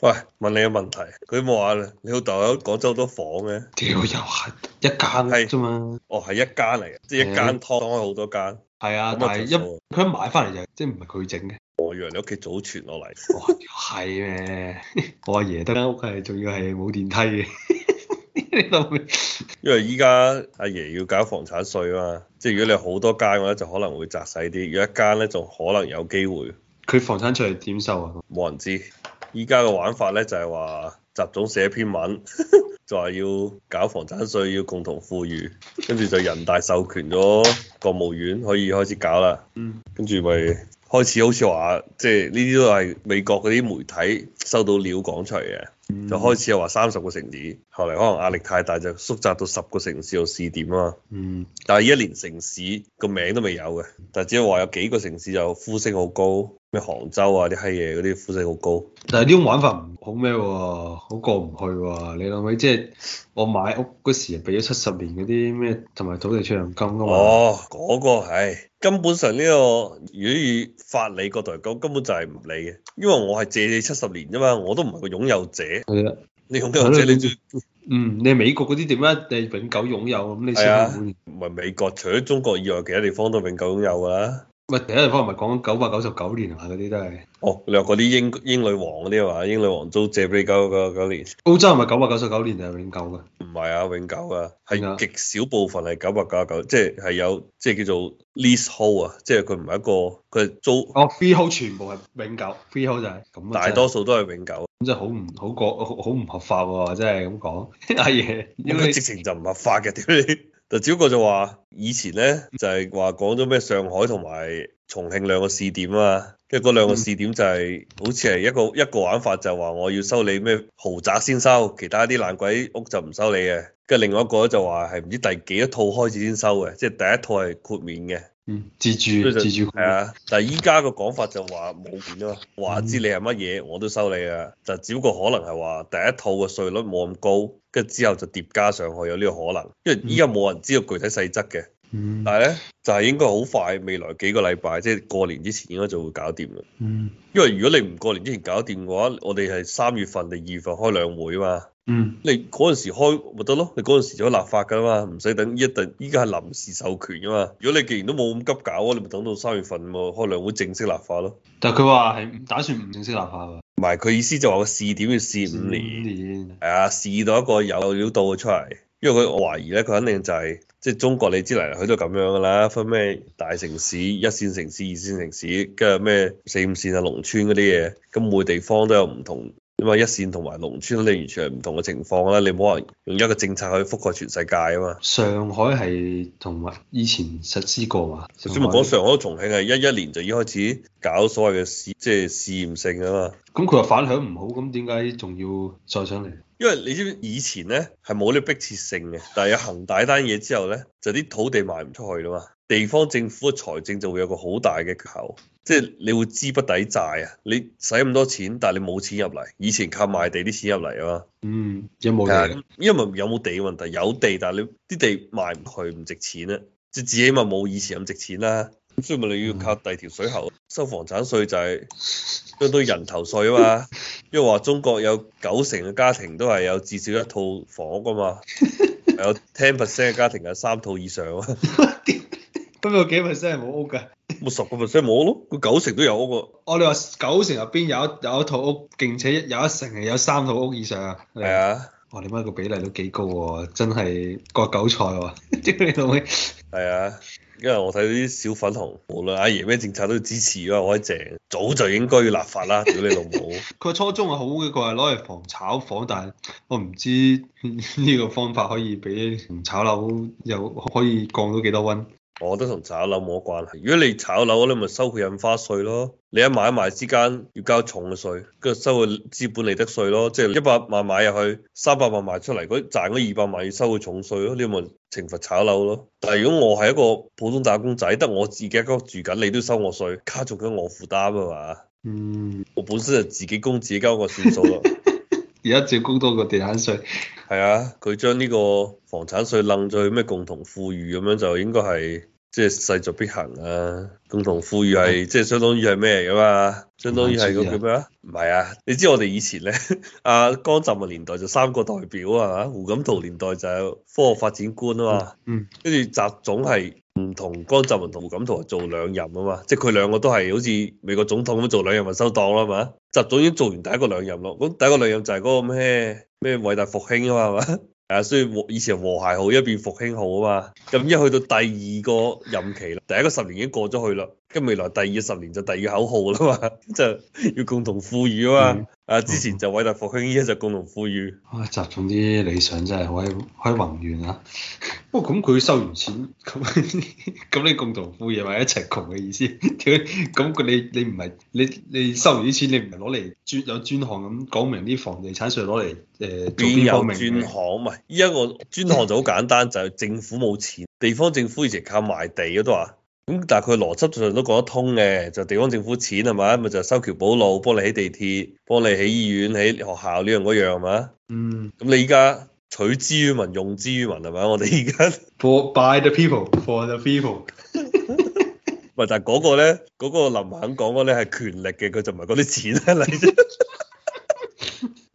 喂，問你個問題，佢冇話咧，你老豆喺廣州好多房咩？屌又係一間啫嘛，哦係一間嚟嘅，即係的一間劏開好多間。係啊的，但係一佢一買翻嚟就是、即係唔係佢整嘅，我以為你屋企祖傳落嚟。哦，係咩？我阿爺得間屋係，仲要係冇電梯嘅。 因為依家阿爺要搞房產稅啊嘛，即係如果你好多間嘅咧，就可能會窄細啲，如果一間咧，仲可能有機會。佢房產稅點收啊？冇人知。而家嘅玩法咧，就係話習總寫篇文，就 話要搞房產稅，要共同富裕，跟住就人大授權咗國務院可以開始搞啦。嗯，跟住咪開始好似話，即係呢啲都係美國嗰啲媒體收到料講出嚟嘅，就開始又話三十個城市，嗯、後嚟可能壓力太大就縮窄到十個城市有試點啊嘛。嗯，但係一連城市個名都未有嘅，但係只係話有幾個城市就呼聲好高。咩杭州啊啲閪嘢，嗰啲估值好高，但係呢種玩法唔好咩喎，好過唔去喎。你諗下，即係我買屋嗰時俾咗七十年嗰啲咩同埋土地出讓金啊嘛？哦，嗰個唉，根本上呢個如果以法理角度嚟講，根本就係唔理嘅，因為我係借你七十年咋嘛，我都唔係個擁有者。係啊的，你擁有者你住，嗯，你美國嗰啲點樣？你永久擁有咁你七十年？唔係美國，除咗中國以外，其他地方都永久擁有噶啦。唔，第一地方唔係講九百九十九年啊，嗰啲都係。哦，你話啲英英女王嗰啲嘛，英女王租借俾你九九九年。澳洲係咪九百九十九年永久啊？永久噶？唔係啊，永久噶，係極少部分係九百九十九，即係係有即係叫做 leasehold 啊，即係佢唔係一個，佢係租。哦，freehold 全部係永久，freehold 就係。咁大多數都係永久。咁真係好唔好過好唔合法喎？真係咁講阿爺，應該直情就唔合法嘅，屌你！就只不過就話以前呢就係話講咗咩上海同埋重慶兩個試點啊嘛，跟住嗰兩個試點就係好似係一個一個玩法就係話我要收你咩豪宅先收，其他啲爛鬼屋就唔收你嘅。跟住另外一個就話係唔知第幾多套開始先收嘅，即係第一套係豁免嘅。嗯，自住自住係啊，但係依家個講法就話冇變咯，話知你係乜嘢，我都收你啊。就只不過可能係話第一套嘅稅率冇咁高，跟住之後就疊加上去有呢個可能，因為依家冇人知道具體細則嘅。嗯，但係咧就係、是、應該好快，未來幾個禮拜即係過年之前應該就會搞掂啦。嗯，因為如果你唔過年之前搞掂嘅話，我哋係三月份定二月份開兩會啊嘛。嗯，你嗰陣時開咪得咯？你嗰陣時就開立法噶啦嘛，唔使等一定依家係臨時授權噶嘛。如果你既然都冇咁急搞，你咪等到三月份嘛，開兩會正式立法咯。但係佢話係打算唔正式立法喎。唔係，佢意思就話個試點要試五年。五年。係啊，試到一個有料到嘅出嚟。因為佢我懷疑咧，佢肯定就係、是、即係中國，你知嚟嚟去去都咁樣噶啦。分咩大城市、一線城市、二線城市，跟住咩四五線啊、農村嗰啲嘢，咁每個地方都有唔同。因為，一線同埋農村，你完全係唔同嘅情況啦。你冇可能用一個政策去覆蓋全世界啊嘛。上海係同埋以前實施過啊。上海、上海重慶係一一年就已經開始搞所謂嘅試，即、就、係、是、試驗性啊嘛。咁佢話反響唔好，咁點解仲要再上嚟？因為你知唔知以前咧係冇呢逼切性嘅，但係有恒大單嘢之後咧，就啲、是、土地賣唔出去啦嘛，地方政府嘅財政就會有個好大嘅缺口。即係你會資不抵債啊！你使咁多錢，但係你冇錢入嚟。以前靠賣地啲錢入嚟啊嘛。嗯，有冇地？因為有冇地嘅問題，有地，但係你啲地賣唔去，唔值錢啊！即係自己咪冇以前咁值錢啦。所以咪你要靠第二條水喉、嗯、收房產稅、就係，就係相當於人頭稅啊嘛。因為話中國有九成嘅家庭都係有至少一套房噶嘛，有 ten percent 嘅家庭有三套以上。 不過幾 percent 冇屋㗎？咪十個 percent 冇屋咯，個九成都有屋喎。我、哦、你話九成入邊有一有一套屋，勁且有一成係有三套屋以上。係啊，我、啊哦、你乜個比例都幾高喎，啊，真係割韭菜喎、啊！即你老味，係啊，因為我睇啲小粉紅，無論阿爺咩政策都支持我一正。早就應該要立法啦，屌 你老母！佢初衷係好嘅，佢話攞嚟防炒房，但係我唔知呢個方法可以俾炒樓又可以降到幾多溫。我都同炒樓冇關係。如果你炒樓，你咪收佢印花稅咯。你喺買賣之間要交重嘅稅，跟住收佢資本利得稅咯。即係一百萬買入去，三百萬賣出嚟，佢賺咗二百萬，要收佢重稅咯。你咪懲罰炒樓咯。但係如果我係一個普通打工仔，得我自己一個住緊，你都收我稅，加重緊我負擔啊嘛。嗯，我本身就自己供自己交個算數啦。 而家照高多個地產稅，係啊，佢將呢個房產稅掄咗去咩共同富裕咁樣，就應該係即係勢在必行啊。共同富裕係、嗯、即係相當於係咩嚟噶嘛？相當於係個叫咩啊？唔係啊，你知我哋以前咧，阿江澤民嘅年代就三個代表啊，胡錦濤年代就係科學發展觀啊嘛，嗯，嗯，跟住習總係。唔同江澤民同胡錦濤做兩任啊嘛，即係佢兩個都係好似美國總統咁做兩任就收檔啦嘛。習總已經做完第一個兩任咯，咁第一個兩任就係嗰個咩咩偉大復興啊嘛，係嘛？啊，所以以前和諧號，一變復興號啊嘛。咁一去到第二個任期啦，第一個十年已經過咗去啦。跟住未來第二十年就第二口號啦嘛，就要共同富裕啊嘛、嗯。啊、嗯，之前就偉大復興，依家就共同富裕、嗯。哇、嗯嗯嗯，集中啲理想真係可可以宏遠啊！ 不過咁佢收完錢，咁 咁你共同富裕埋一齊窮嘅意思？咁佢你你唔係你你收完啲錢，你唔係攞嚟專有專項咁講明啲房地產稅攞嚟誒做邊有專項嘛？依家個專項就好簡單，嗯、就係政府冇錢，地方政府以前靠賣地嘅都話。咁但係佢邏輯上都講得通嘅，就地方政府錢係嘛，咪就修橋補路，幫你起地鐵，幫你起醫院、起學校呢樣嗰樣係嘛？Mm. 嗯，咁你依家取之於民，用之於民係嘛？我哋依家 for by the people for the people。 喂，但係嗰個咧，嗰個林肯講嗰咧係權力嘅，佢就唔係嗰啲錢嚟、啊。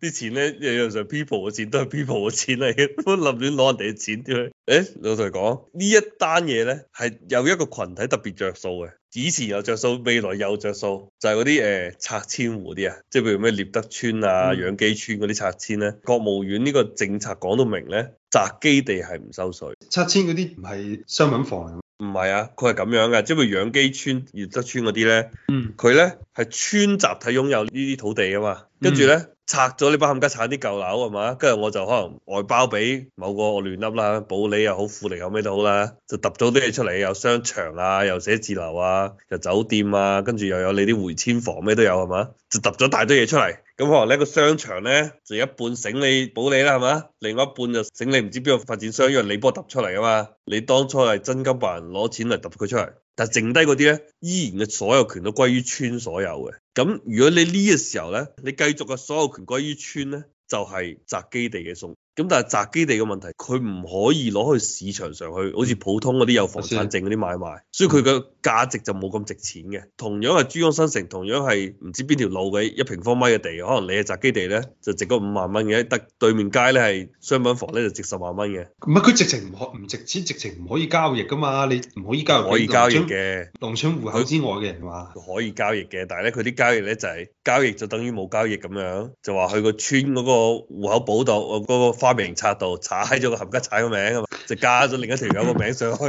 啲錢咧，有時候 people 嘅錢都係 people 嘅錢嚟嘅，冇立亂攞人哋嘅錢點咧？誒，老實講呢一單嘢咧，係有一個群體特別着數嘅，以前有着數，未來有着數，就係嗰啲誒拆遷戶啲啊，即係譬如咩獵德村啊、養、嗯、基村嗰啲拆遷咧。國務院呢個政策講到明咧，宅基地係唔收稅。拆遷嗰啲唔係商品房唔係啊，佢係咁樣嘅，即係譬如楊箕村、獵德村嗰啲咧，嗯呢，佢咧係村集體擁有呢啲土地啊嘛，跟住咧拆咗呢班冚家鏟啲舊樓係嘛，跟住我就可能外包俾某個我亂笠啦，保利又好，富力又咩都好啦，就揼咗啲嘢出嚟，有商場啊，又寫字樓啊，又酒店啊，跟住又有你啲回遷房咩都有係嘛，就揼咗大堆嘢出嚟。咁可能呢個商場呢，就一半醒你保你啦，係嘛？另外一半就醒你唔知邊個發展商，因為你幫我揼出嚟噶嘛。你當初係真金白銀攞錢嚟揼佢出嚟，但係剩低嗰啲呢，依然嘅所有權都歸於村所有嘅。咁如果你呢個時候呢，你繼續嘅所有權歸於村呢，就係、是、宅基地嘅送。咁但係宅基地嘅問題，佢唔可以攞去市場上去，好似普通嗰啲有房產證嗰啲買賣，所以佢嘅價值就冇咁值錢嘅。同樣係珠江新城，同樣係唔知邊條路嘅一平方米嘅地，可能你嘅宅基地咧就值嗰五萬蚊嘅，得對面街咧係商品房咧就值十萬蚊嘅。唔係佢直情唔可唔值錢，直情唔可以交易噶嘛？你唔可以交易。可以交易嘅農村戶口之外嘅人話，它可以交易嘅，但係咧佢啲交易咧就係、是、交易就等於冇交易咁樣，就話去個村嗰、那個戶口簿度，我花名冊度踩咗個合家踩個名，啊嘛，就加咗另一條友個名上去，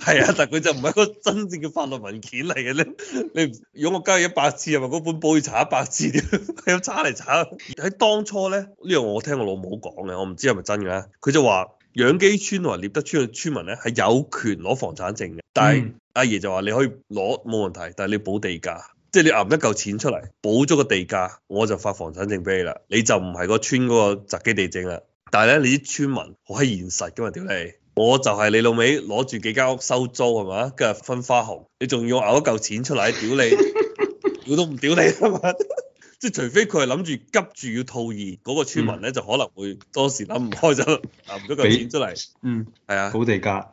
係 啊，但佢就唔係一個真正嘅法律文件嚟嘅咧。你如果我加一百次，係咪嗰本簿要查一百次，點係要查嚟查？喺當初咧，呢、這、樣、個、我聽我老母講嘅，我唔知係咪真㗎。佢就話：楊箕村同埋獵德村嘅村民咧係有權攞房產證嘅，但係阿、嗯、爺就話你可以攞冇問題，但係你補地價。即係你揞一嚿錢出嚟，補咗個地價，我就發房產證俾你啦。你就唔係個村嗰個宅基地證啦。但係咧，你啲村民好閪現實嘅嘛？屌你，我就係你老味攞住幾間屋收租係嘛？跟住分花紅，你仲要揞一嚿錢出嚟？屌你，屌都唔屌你啊嘛！ 即係除非佢係諗住急住要套現，嗰、嗰個村民咧就可能會當時諗唔開就揞咗嚿錢出嚟。嗯，係啊，補地價。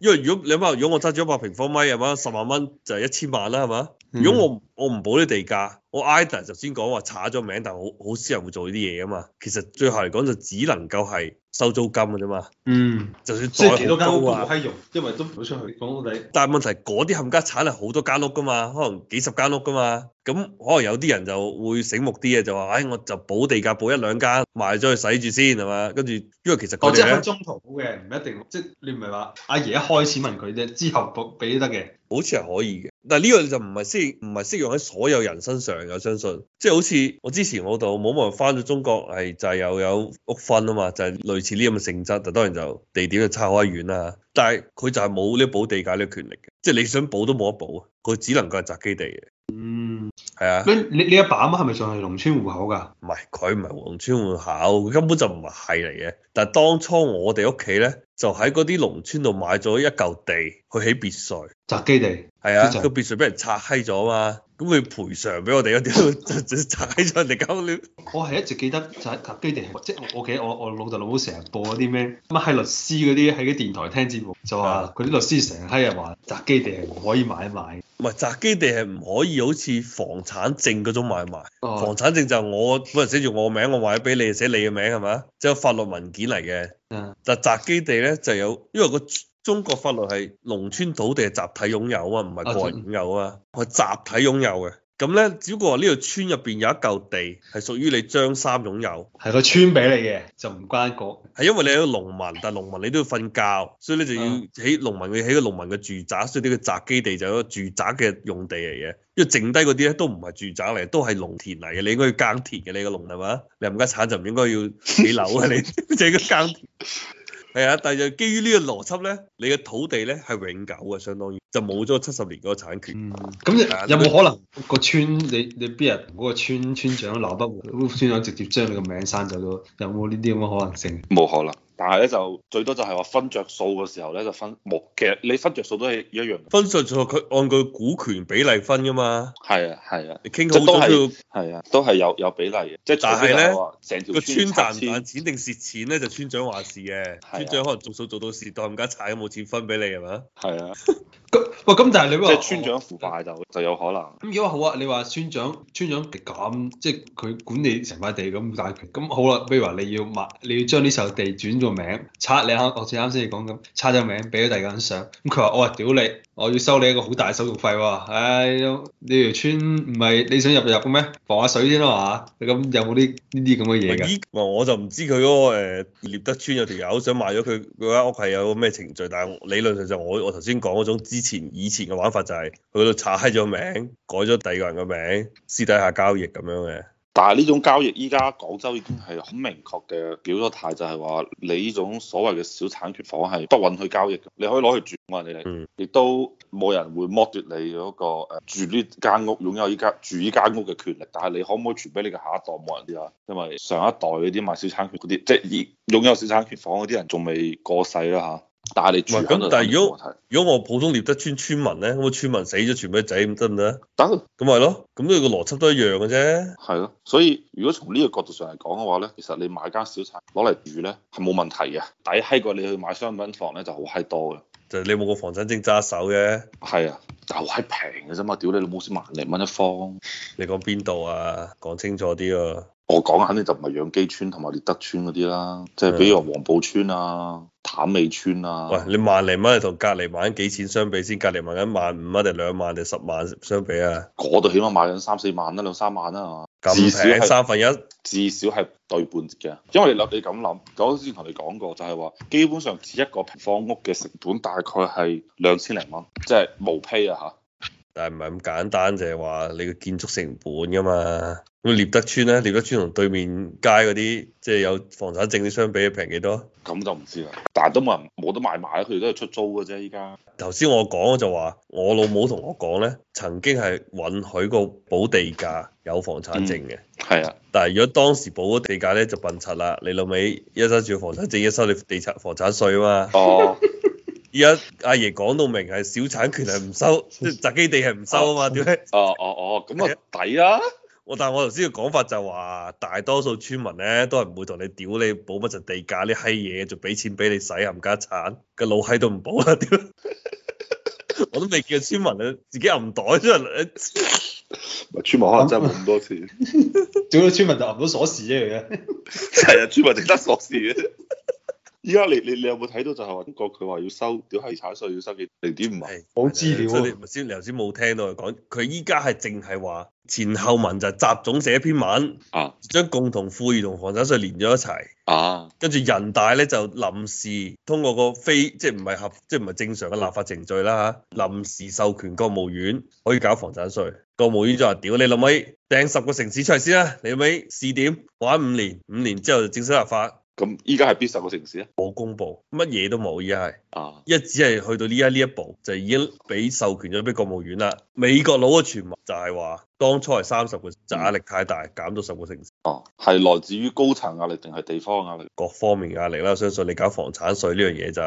因為如果你話如果我揸住一百平方米係嘛，十萬蚊就係一千萬啦，係嘛？如果我我唔補啲地價，我阿仁頭先講話查咗名，但係好好少人會做呢啲嘢啊嘛。其實最後嚟講就只能夠係收租金嘅啫嘛。嗯，就算即係幾多間屋冇閪用，因為都唔會出去放屋底。但係問題嗰啲冚家產係好多間屋噶嘛，可能幾十間屋噶嘛。咁可能有啲人就會醒目啲嘅，就話，唉、哎，我就補地價補一兩間，賣咗去使住先係嘛。跟住，因為其實我、哦、即係中途補嘅，唔一定即係你唔係話阿爺一開始問佢啫，之後補俾得嘅。好似係可以嘅。但係呢個就唔係適唔係適用喺所有人身上嘅，我相信即係好似我之前我度冇人返到中國係就係又有,有屋分啊嘛，就係、是、類似呢咁嘅性質，就當然就地點就差開遠啦、啊。但係佢就係冇呢補地價呢、這個權力嘅，即係你想補都冇得補，佢只能夠係宅基地嘅。係啊，你你你阿爸阿媽係咪仲係農村戶口㗎？唔係，佢唔係農村戶口，佢根本就唔係嚟嘅。但係當初我哋屋企咧，就喺嗰啲農村度買咗一嚿地去起別墅，宅基地。係啊，其實。個別墅俾人拆閪咗啊嘛。咁佢賠償俾我哋嗰啲，踩咗人哋狗尿。我係一直記得就係宅基地，即係我記得我我，我老豆老母成日播嗰啲咩，咪係律師嗰啲喺啲電台聽節目，就話佢啲律師成日閪人話宅基地係唔可以買賣。唔係宅基地係唔可以好似房產證嗰種買賣。哦。房產證就我嗰日寫住我名，我賣俾你寫你嘅名係咪啊？即係法律文件嚟嘅。但宅基地咧就有，因為、那個。中國法律係農村土地係集體擁有啊，唔係個人擁有啊，係 Okay. 集體擁有嘅。咁咧，只不過話呢個村入邊有一嚿地係屬於你張三擁有，係個村俾你嘅，就唔關、那個。係因為你係個農民，但係農民你都要瞓覺，所以你就要起農民嘅起個農民嘅住宅，所以呢個宅基地就係一個住宅嘅用地嚟嘅。因為剩低嗰啲咧都唔係住宅嚟，都係農田嚟嘅，你應該要耕田嘅。你個農係嘛？你唔加產就唔應該要起樓啊！你淨係要耕係啊，但係就基於呢個邏輯咧，你嘅土地咧係永久嘅，相當於就冇咗七十年嗰個產權。咁，嗯，有冇可能是個村你你邊日嗰個村村長劉德華村長直接將你個名刪咗咗？有冇呢啲咁嘅可能性？冇可能。但係咧就最多就係話分着數嘅時候咧就分冇，其實你分着數都係一樣。分著數佢按佢股權比例分㗎嘛。係啊係啊。啊你傾聊好多佢，係啊，都係有有比例嘅。即係但係咧，成條村個村賺唔千錢定蝕錢咧就村長話事嘅。 啊、村長可能做數做到時，當家賺都冇錢分俾你係咪 啊？係啊。咁喂咁，但係你話村長腐敗就 就有可能。咁 如果好啊，你話村長村長咁即係佢管理成塊地咁大權，咁好啦， 比如話你要賣你，你要將呢首地轉咗。個名拆你啱，好似啱先你講咁，拆咗名俾咗第二個人上，咁佢話我話屌你，oh, 我要收你一個好大嘅手續費，唉、哎，呢條村唔係你想入就入嘅咩？防下水先啦嘛，你咁有冇啲呢啲咁嘅嘢噶？我就唔知佢嗰個誒，獵、呃、德村有條友想賣咗佢嗰間屋係有咩程序，但係理論上就我我頭先講嗰種之前以前嘅玩法就係佢度拆開咗名，改咗第二個人嘅名，私底下交易咁樣嘅。但係呢種交易，依家廣州已經係好明確嘅表咗態就，就係話你呢種所謂嘅小產權房係不允許交易嘅。你可以攞去住啊，你哋，亦、嗯、都冇人會剝奪你嗰個住呢間屋、擁有依間住依間屋嘅權力。但係你可唔可以傳俾你嘅下一代冇人知啊？因為上一代嗰啲賣小產權嗰啲，即係已擁有小產權房嗰啲人仲未過世啦、啊、嚇。但係你唔係咁，但係如果我看 如果我普通獵德村村民咧，咁個村民死咗，傳俾仔咁得唔得？得，咁咪係咯，咁呢個邏輯都一樣嘅啫。係咯，所以如果從呢個角度上嚟講嘅話咧，其實你買間小產攞嚟住咧係冇問題嘅，第一，閪過你去買商品房咧就好閪多嘅。就你冇個房產證揸手嘅。係啊，就係閪平嘅啫嘛，屌你老母先萬零蚊一方。你講邊度啊？講清楚啲啊！我講肯定就唔係養基村同埋獵德村嗰啲啦，即係比如話黃埔村啊、坦尾村啊。喂，你萬零蚊同隔離買緊幾錢相比先？隔離買緊萬五蚊定兩萬定十萬相比啊？嗰度起碼買緊三四萬啦、啊，兩三萬啦、啊、嘛。咁平三分一，至少係對半折嘅。因為你你咁諗，我之前同你講過就，就係話基本上只一個平方屋嘅成本大概係兩千零蚊，即係毛坯啊嚇。但係唔係咁簡單，就係、是、話你嘅建築成本噶嘛？咁獵德村咧，獵德村同對面街嗰啲，即、就、係、是、有房產證啲相比，平幾多？咁就唔知啦。但係都冇冇得賣埋，佢哋都係出租嘅啫。依家頭先我講就話，我老母同我講咧，曾經係允許過補地價有房產證嘅。係、嗯、啊。但係如果當時補咗地價咧，就笨柒啦。你老尾一收住房產證，一收你地產房產稅啊嘛。哦。而家阿爺講到明係小產權係唔收，宅基地係唔收啊嘛？點咧？哦哦哦，咁啊抵啊！啊啊啊啊嗯、啦但我但係我頭先嘅講法就話，大多數村民咧都係唔會同你屌你補乜就地價啲閪嘢，就俾錢俾你使，冚家鏟個老閪都唔補啦！我都未見村民啊，自己又唔袋出嚟。 村民可能真係冇咁多次，屌啲村民就攞到鎖匙啫。係啊，村民整得鎖匙嘅。依家你你你有冇睇到就係温國佢話要收屌，遺產稅要收幾零點五萬冇資料，所以你先你頭先冇聽到佢講，佢依家係淨係話前後文就係習總寫一篇文啊，將共同富裕同房產稅連咗一齊啊，跟住人大咧就臨時通過個非即係唔係合即係唔係正常嘅立法程序啦吓，臨時授權國務院可以搞房產稅，國務院就話屌你諗起掟十個城市出嚟先啦，啊，你咪試點玩五年，五年之後就正式立法。咁依家係邊十個城市咧？冇公布，乜嘢都冇依家係。啊！依只係去到呢一呢一步，就已經俾授權咗俾國務院啦。美國佬嘅傳聞就係話，當初係三十個，就壓力太大，減到十個城市。哦、啊。係來自於高層壓力定係地方壓力？各方面壓力啦，相信你搞房產稅呢樣嘢就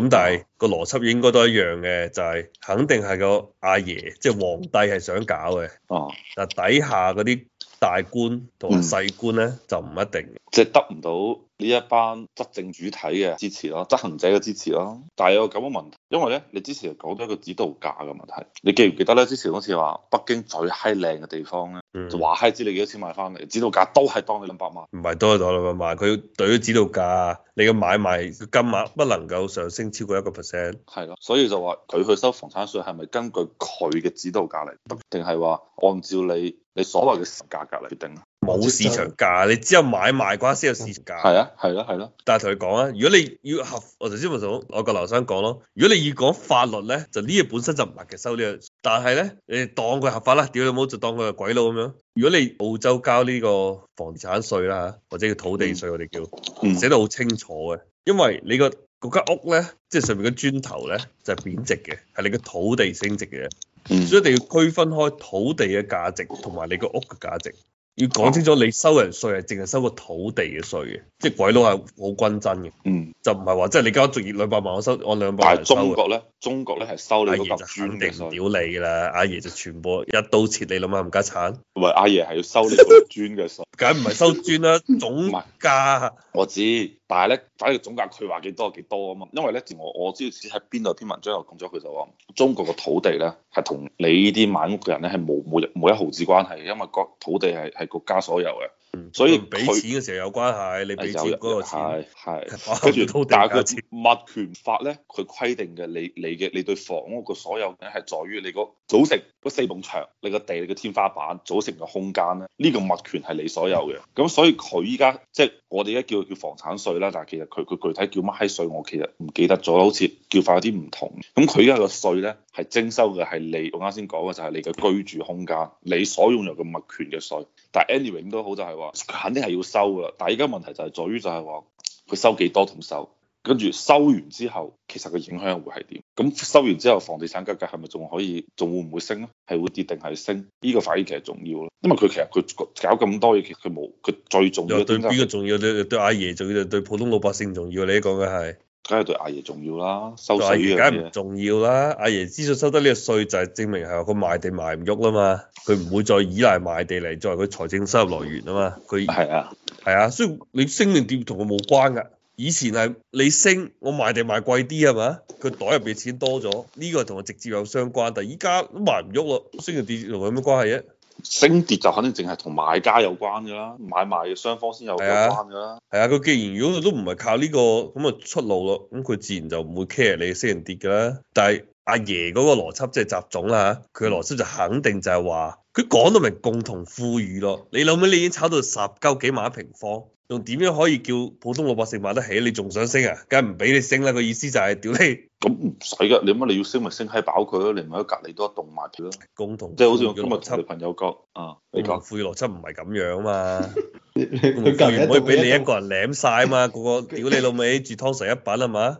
咁，但係個邏輯應該都一樣嘅，就係、是、肯定係個阿爺，即、就、係、是、皇帝係想搞嘅。哦、啊。但底下嗰啲。大官同細官咧、嗯、就唔一定，即係得唔到呢一班執政主體嘅支持咯，執行者嘅支持咯，但係有個咁嘅問題。因為咧，你之前講咗一個指導價嘅問題，你記唔記得咧？之前好似話北京最閪靚嘅地方咧，嗯、就話閪知你幾多錢買翻嚟，指導價都係當你兩百萬，唔係多咗兩百萬，佢對於指導價，你嘅買賣金額不能夠上升超過一個 percent，係咯，所以就話佢去收房產稅係咪根據佢嘅指導價嚟定，定係話按照你你所謂嘅價格嚟定咧？冇市場價，你只有買賣關先有市場價。係、嗯、啊，係咯、啊，係咯、啊。但係同你講啊，如果你要合，我頭先咪同我個劉生講咯，如果你要講法律咧，就呢嘢本身就唔係嘅收呢嘢。但係咧，你當佢合法啦，屌你冇就當佢係鬼佬咁樣。如果你澳洲交呢個房產稅啦或者叫土地稅，嗯、我哋叫寫得好清楚嘅，因為你個嗰間屋咧，即、就、係、是、上面嗰磚頭咧，就係、是、貶值嘅，係你個土地升值嘅，嗯、所以一定要區分開土地嘅價值同埋你個屋嘅價值。要講清楚，你收人稅係淨係收個土地嘅稅嘅，即係鬼佬係好均真嘅，嗯，就唔係話即係你交足二兩百萬，我收我兩百萬收嘅。但係中國咧，中國咧係收你個磚肯定屌你啦，阿爺就全部一刀切你，你老母冚家鏟，唔係阿爺係要收你個磚嘅稅。 梗唔係收磚啦， 總價。我知，但係咧，反正總價佢話幾多就幾多啊嘛。因為咧，我我知道喺邊度篇文章有講咗，佢就話中國嘅土地咧係同你呢啲買屋嘅人咧係冇冇冇一毫子關係嘅，因為個土地係係國家所有嘅。所以俾錢嘅時候有關係，你俾住嗰個錢，係，跟住，但係佢物權法咧，佢規定嘅你你嘅你對房屋嘅所有嘅係在於你個組成嗰四埲牆，你個地，你個天花板組成嘅空間咧，呢、這個物權係你所有嘅。咁、嗯、所以佢依家即係我哋而家叫佢叫房產稅啦，但係其實佢佢具體叫乜閪稅，我其實唔記得咗，好似叫法有啲唔同。咁佢依家個稅咧。係徵收嘅係你，我啱先講嘅就係你嘅居住空間，你所擁有嘅物權嘅稅。但係 anyway 都好就，就係話佢肯定係要收㗎啦。但係依家問題就係、是、在於就係話佢收幾多同收，跟住收完之後，其實個影響會係點？咁收完之後，房地產價格係咪仲可以，仲會唔會升咧？係會跌定係升？呢、這個反而其實重要咯，因為佢其實佢搞咁多嘢，其實冇佢最重要，就是、重要。對邊個重要？對對阿爺重要，對普通老百姓唔重要。你講嘅係。梗係對阿爺，爺重要啦，收稅梗係唔重要啦，阿爺之所以收得呢個稅就係證明係話佢賣地賣唔喐啊嘛，佢唔會再依賴賣地嚟作為佢財政收入來源啊嘛。佢係啊，係啊，所以你升定跌同佢冇關㗎。以前係你升，我賣地賣貴啲係嘛？佢袋入邊錢多咗，呢個同我直接有相關。但係依家都賣唔喐咯，升定跌同佢有咩關係啫？升跌就肯定淨係同買家有關噶啦，買賣雙方先有關噶啦。係啊，佢、啊、既然如果佢都唔係靠呢、這個咁啊出路咯，咁佢自然就唔會 care 你嘅升定跌噶啦。但係阿爺嗰個邏輯即係習總啦，佢嘅邏輯就肯定就係話，佢講到咪共同富裕咯，你諗下你已經炒到十鳩幾萬一平方。仲點樣可以叫普通老百姓買得起？你仲想升啊？梗係唔俾你升啦！個意思就係屌你。咁唔使㗎，你乜你要升咪升喺飽佢咯，你唔係喺隔離多棟埋佢咯。共同即係好似我今日測朋友講，啊，你講富裕邏輯唔係咁樣嘛？佢唔會唔可以俾你一個人舐晒啊嘛！ 個個屌你老味住湯臣一品係嘛？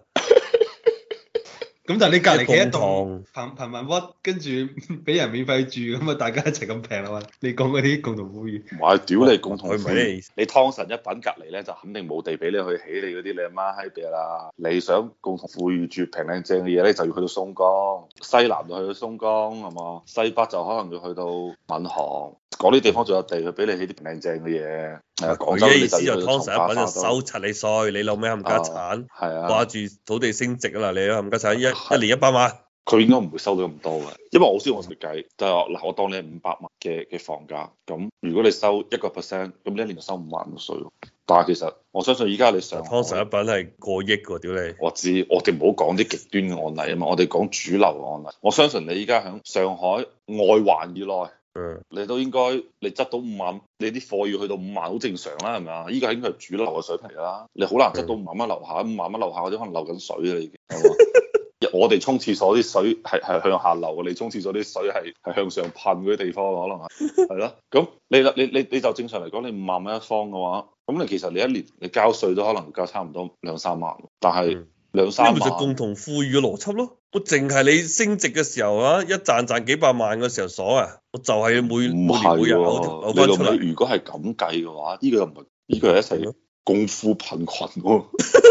咁但係你隔離起一棟盤盤盤？貧貧民窟，跟住俾人免費住，咁啊大家一齊咁平啊嘛！你講嗰啲共同富裕，唔係屌你共同富裕咩？你湯臣一品隔離咧就肯定冇地俾你去起你嗰啲你阿媽閪嘢啦。你想共同富裕住平靚正嘅嘢咧，就要去到松江西南就去到松江係嘛？西北就可能要去到閔行嗰啲地方，仲有地去俾你起啲平靚正嘅嘢。而家意思就湯、是、臣一品就收齊你，稅，你老味冚家鏟？係啊，掛住都、啊啊、土地升值啊嗱，你冚家鏟一、啊、一年一百萬。佢應該唔會收到咁多嘅，因為我好少用計，就係話嗱，我當你係五百萬嘅嘅房價，咁如果你收一個 percent，咁你一年就收五萬嘅稅咯。但係其實我相信依家你上海湯臣一品係過億嘅喎，屌你！我知，我哋唔好講啲極端嘅案例啊嘛，我哋講主流嘅案例。我相信你依家喺上海外環以內。你都應該，你執到五萬，你啲貨要去到五萬，好正常啦，係咪啊？依、這個應該係主流嘅水平啦。你好難執到五萬蚊樓下，五萬蚊樓下嗰啲可能流緊水啦，已經。 我哋沖廁所啲水係係向下流，你沖廁所啲水係係向上噴嗰啲地方可能係咯。咁你你你你就正常嚟講，你五萬蚊一方嘅話，咁你其實你一年你交稅都可能交差唔多兩三萬，但係。 呢咪就共同富裕嘅邏輯咯。我淨係你升值嘅時候啊，一賺賺幾百萬嘅時候爽啊！我就係每每人。我日，你老如果係咁計嘅話，呢、呢個又唔係，呢個係一齊共富貧困的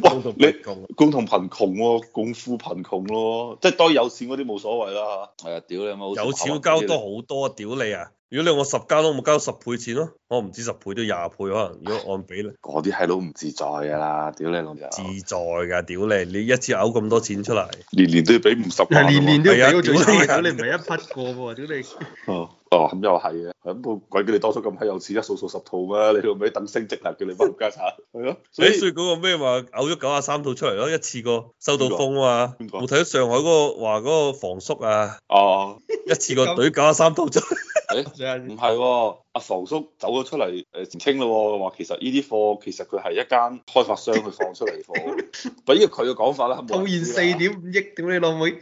哇！你共同貧窮喎、啊，共富貧窮咯、啊，即係當有錢嗰啲冇所謂啦嚇。係啊，屌、哎、你咁啊！有錢交多好多，啊、哎呀！屌你啊！如果你我十交，都冇交十倍錢咯、啊，我唔止十倍都廿倍可能，如果按比例。嗰啲係老唔自在㗎啦，屌你老就。自在㗎，屌你！你一次嘔咁多錢出嚟，年年都要俾五十萬喎。係啊，年年都要俾個嘴你唔係一筆過屌你。哦。哦，咁、嗯、又係嘅，咁鬼叫你多出咁閪有錢，一掃掃十套咩？你老妹等升值，啊，叫你翻家產，係咯。誒、欸，說嗰個咩話嘔咗九廿三套出嚟咯，一次過收到風誰啊嘛。誰我睇咗上海嗰、那個話嗰個房叔啊，哦，一次過懟九廿三套出。誒 欸，唔係、哦，阿房叔走咗出嚟誒澄清咯、哦，話其實呢啲貨其實佢係一間開發商去放出嚟貨，不依佢嘅講法啦。咪？套現四點五億，屌你老妹！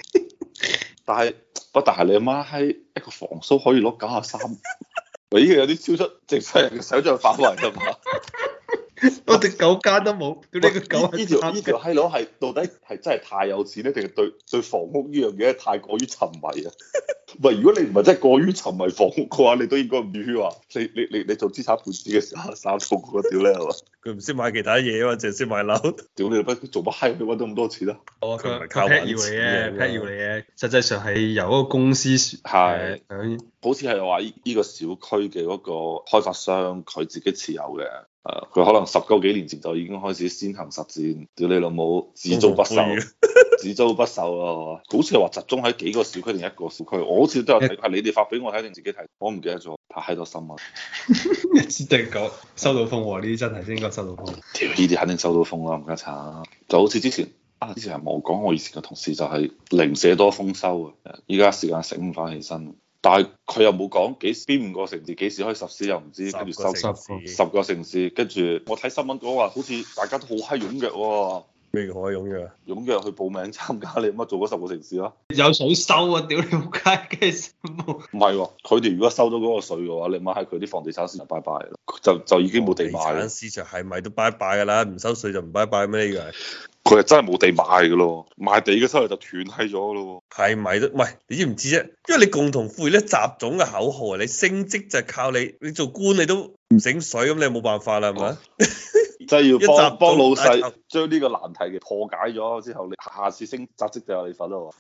但係。不但係你阿媽閪，一個房蘇可以攞九廿三，已經有啲超出正常人想象範圍㗎嘛。 我只狗間都冇，佢、這、呢個狗呢條呢條閪佬係到底係真係太有錢咧，定係對對房屋呢樣嘢太過於沉迷啊？喂， 如果你唔係真係過於沉迷房屋嘅話，你都應該唔至於話你你你你做資產配置嘅時候三幅嗰啲咧係嘛？佢唔識買其他嘢啊，淨係識買樓。屌你， 做乜閪？你搵到咁多錢啊？我佢劈要嘅，劈要你嘅。實際上係由一個公司係，好似係話呢個小區嘅嗰個開發商佢自己持有嘅。係佢可能十九幾年前就已經開始先行實踐，叫你老母只租不售，只租不售啊，好似話集中喺幾個小區定一個小區，我好似都有睇，係一你哋發俾我睇定自己睇，我唔記得咗，拍喺度新聞。一定講收到風呢啲、嗯、真係先應該收到風，呢啲肯定收到風啦，唔該查。就好似之前，啊、之前係冇講我以前嘅同事就係零舍多豐收啊，依家時間醒唔翻起身。但係佢又冇講幾邊五個城市幾時可以實施又唔知，跟住收十個城市，跟住我睇新聞講話好似大家都好閪踴躍喎、啊，咩叫踴躍？踴躍去報名參加，你乜做嗰十個城市咯？有水收啊！屌你撲街嘅唔係喎，佢哋、啊、如果收咗嗰個稅嘅話，你乜喺佢啲房地產先就拜拜啦，就就已經冇地賣。地市場係咪都拜拜㗎啦？唔收稅就唔拜拜咩？呢個？佢係真係冇地賣噶咯，賣地嘅收入就斷閪咗咯。係咪？喂，你知唔知啫？因為你共同富裕咧，習總嘅口號啊，你升職就係靠你，你做官你都唔醒水，咁你冇辦法啦，係咪、哦？真係要幫幫 老細，將呢個難題嘅破解咗之後，你下次升扎職就有你份咯。